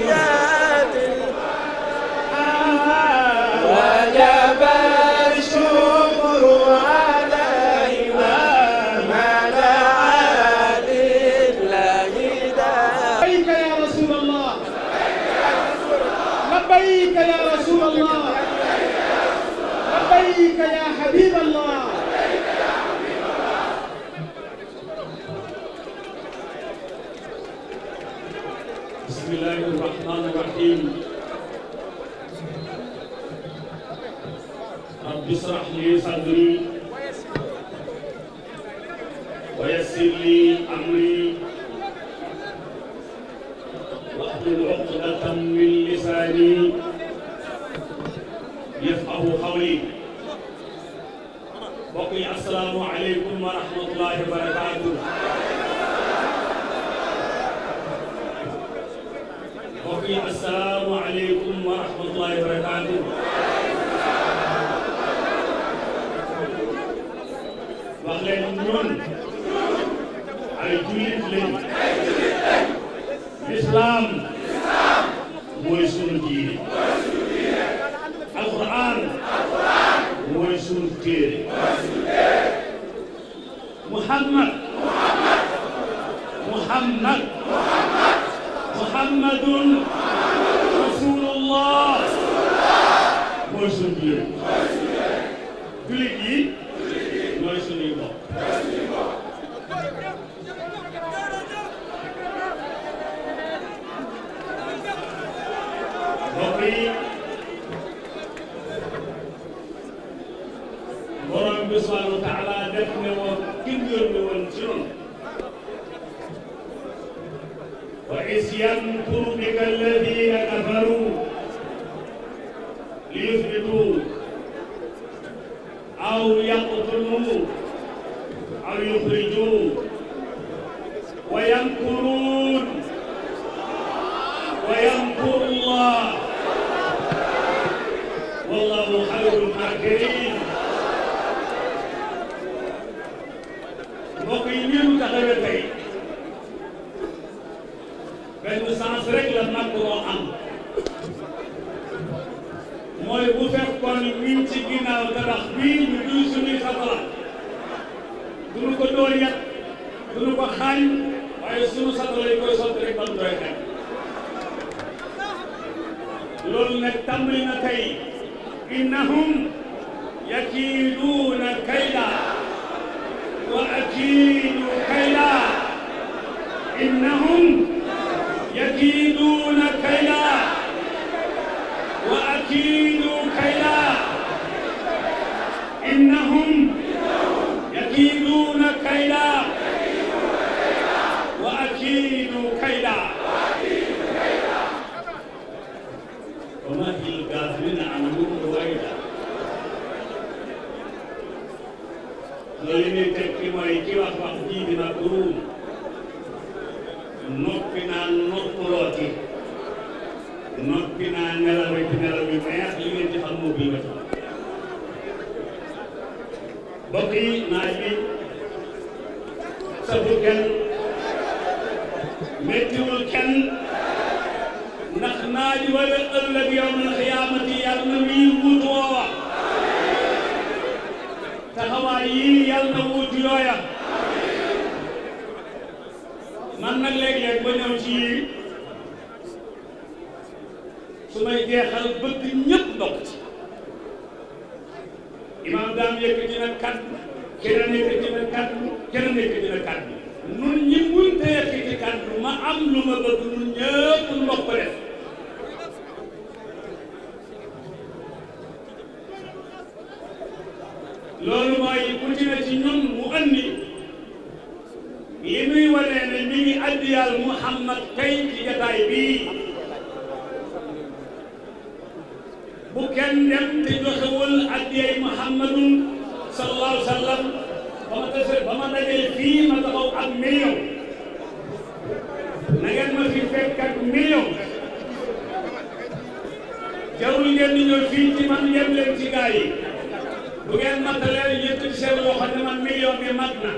Hallelujah. رب اشرح لي صدري ويسر لي أمري واحلل عقدة من لساني يفقه قولي بقي السلام عليكم ورحمة الله وبركاته بقي السلام ñun ay jullit lañu lislaam mooy sunu diine alxuraan mooy sunu téere muhammad muhammad muhammadun rasulullah mooy sunu diine jullit yi borom bi subhanahu wa taala def ne woon kim yónni woon ci noonu wa is yamkuru bika alladina kafaru li yusbitu aw yaqtulu aw yuxriju wa yamkuru taxawee tey benn sens rek la nàkkuloo am mooy bu fekkoon ni ñu ci ginnaaw tabax bii ñu duy suñuy satalaat duñu ko door yat duñu ko xaañ waaye suñu satalaat yi koy sotti rek ba mu doy xel loolu nag tàmbali na tey innahum yakiiduuna kayda وأكيد كيدا إنهم يكيدون كيدا وأكيد loolu li muy tekki mooy ki wax wax ji dina ruum noppi naa noppaloo ci noppi naa nelaw ci nelaw yu neex li ngeen ci xam moom bii nga xam mbokk yi naaj bi saful kenn méttiwul kenn ndax naaj wala ëllëg yow na xiyaamati yàlla na muy wutu taxawaay yii yàlla na wuutu yooya man nag léeg-léeg ba ñëw ci yii su may jeexal bëgg ñëpp bokk imaam daam yëkkati na kàddu keneen yëkkati na kàddu keneen yëkkati na kàddu nun ñi munte yëkkati kàddu ma am lu ma bëgg nun ñëpp mbokk def loolu mooy ku ci ne ci ñun mu andi yi muy wanee ne mi ngi addiyal Muhammad kay ci jataay bii bu kenn dem te joxewul addiyay Muhammadun sallallahu alayhi wa sallam ba ma ba ma dajee fii ma taxaw ak million na ngeen ma fi fekk ak million jarul ngeen di ñëw fii ci man yem leen bu ngeen matalee yëkkati seen loo xam ne man million bi mat na